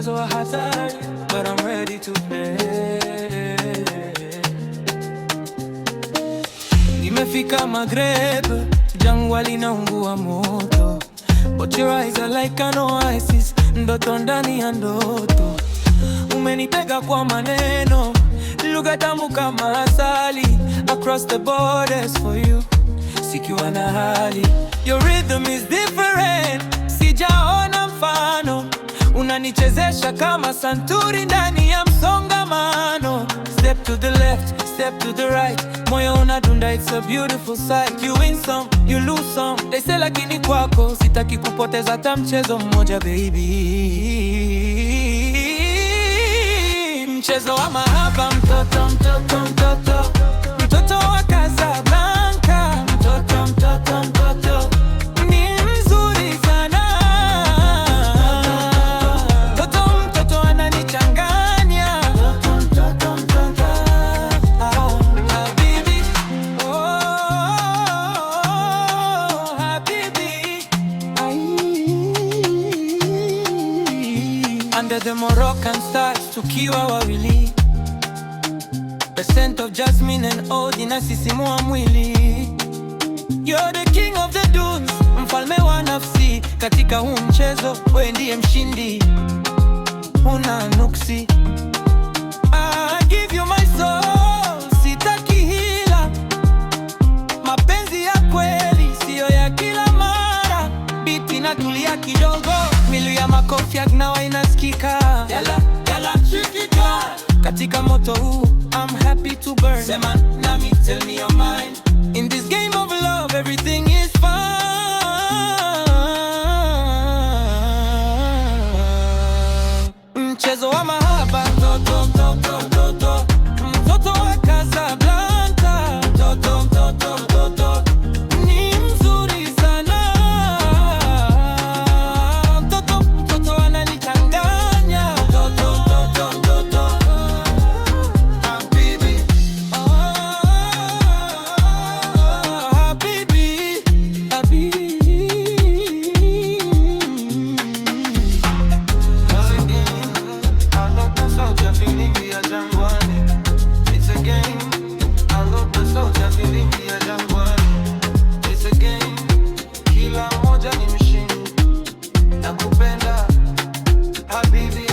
mchezo wa hatari, but I'm ready to play. Nimefika Maghreb, jangwa linaungua moto, but your eyes are like an oasis, ndoto ndani ya ndoto. Umenitega kwa maneno, lugha tamu kama asali, across the borders for you, sikiwa na hali, your rhythm is different, sijaona unanichezesha kama santuri ndani ya msongamano. Step to the left, step to the right, moyo unadunda, it's a beautiful sight. You win some, you lose some, they say, lakini kwako sitaki kupoteza hata mchezo mmoja baby, mchezo wa Under the Moroccan stars tukiwa wawili, the scent of jasmine and oud inasisimua mwili. You're the king of the dunes, mfalme wa nafsi. Katika huu mchezo wewe ndiye mshindi, huna nuksi. I give you tulia kidogo, milu ya makofi yagnawa inasikika yala, yala, shikika katika moto huu, I'm happy to burn. Sema nami, tell me your mind. In this game of love, everything is fine. Mchezo wa mahaba Baby.